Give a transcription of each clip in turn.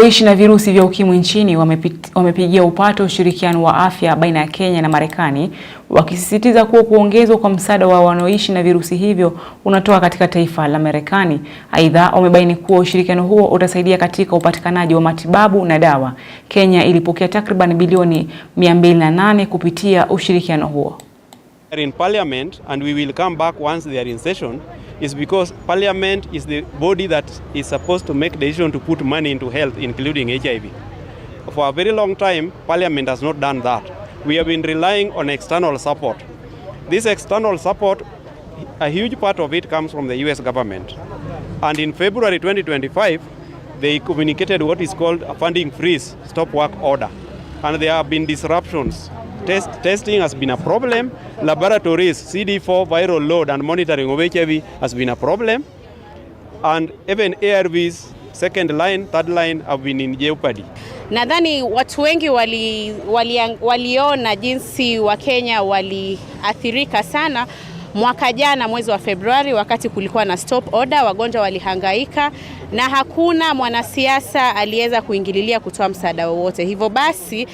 Wanaoishi na virusi vya ukimwi nchini wamepigia upato ushirikiano wa afya baina ya Kenya na Marekani, wakisisitiza kuwa kuongezwa kwa msaada wa wanaoishi na virusi hivyo unatoka katika taifa la Marekani. Aidha, wamebaini kuwa ushirikiano huo utasaidia katika upatikanaji wa matibabu na dawa. Kenya ilipokea takriban bilioni 208 kupitia ushirikiano huo is because parliament is the body that is supposed to make decision to put money into health including HIV. For a very long time, parliament has not done that. We have been relying on external support. This external support, a huge part of it comes from the US government. And in February 2025, they communicated what is called a funding freeze, stop work order. And there have been disruptions test, testing has been a problem. Laboratories, CD4 viral load and monitoring of HIV has been a problem. And even ARVs, second line, third line have been in jeopardy. Nadhani watu wengi waliona wali, waliona jinsi Wakenya waliathirika sana mwaka jana mwezi wa Februari wakati kulikuwa na stop order, wagonjwa walihangaika na hakuna mwanasiasa aliweza kuingililia kutoa msaada wowote. Hivyo basi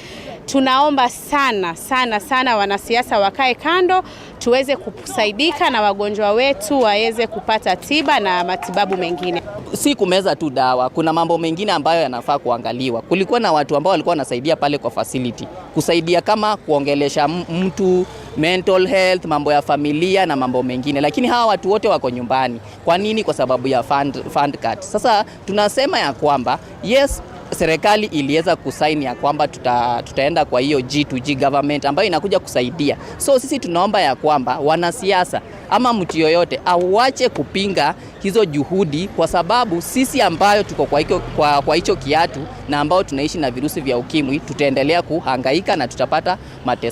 Tunaomba sana sana sana wanasiasa wakae kando, tuweze kusaidika na wagonjwa wetu waweze kupata tiba na matibabu mengine. Si kumeza tu dawa, kuna mambo mengine ambayo yanafaa kuangaliwa. Kulikuwa na watu ambao walikuwa wanasaidia pale kwa facility, kusaidia kama kuongelesha mtu mental health, mambo ya familia na mambo mengine, lakini hawa watu wote wako nyumbani. Kwa nini? Kwa sababu ya fund, fund cut. Sasa tunasema ya kwamba yes serikali iliweza kusaini ya kwamba tuta, tutaenda kwa hiyo G2G government ambayo inakuja kusaidia. So sisi tunaomba ya kwamba wanasiasa ama mtu yoyote auache kupinga hizo juhudi, kwa sababu sisi ambayo tuko kwa hicho kwa, kwa kiatu na ambao tunaishi na virusi vya ukimwi tutaendelea kuhangaika na tutapata mateso.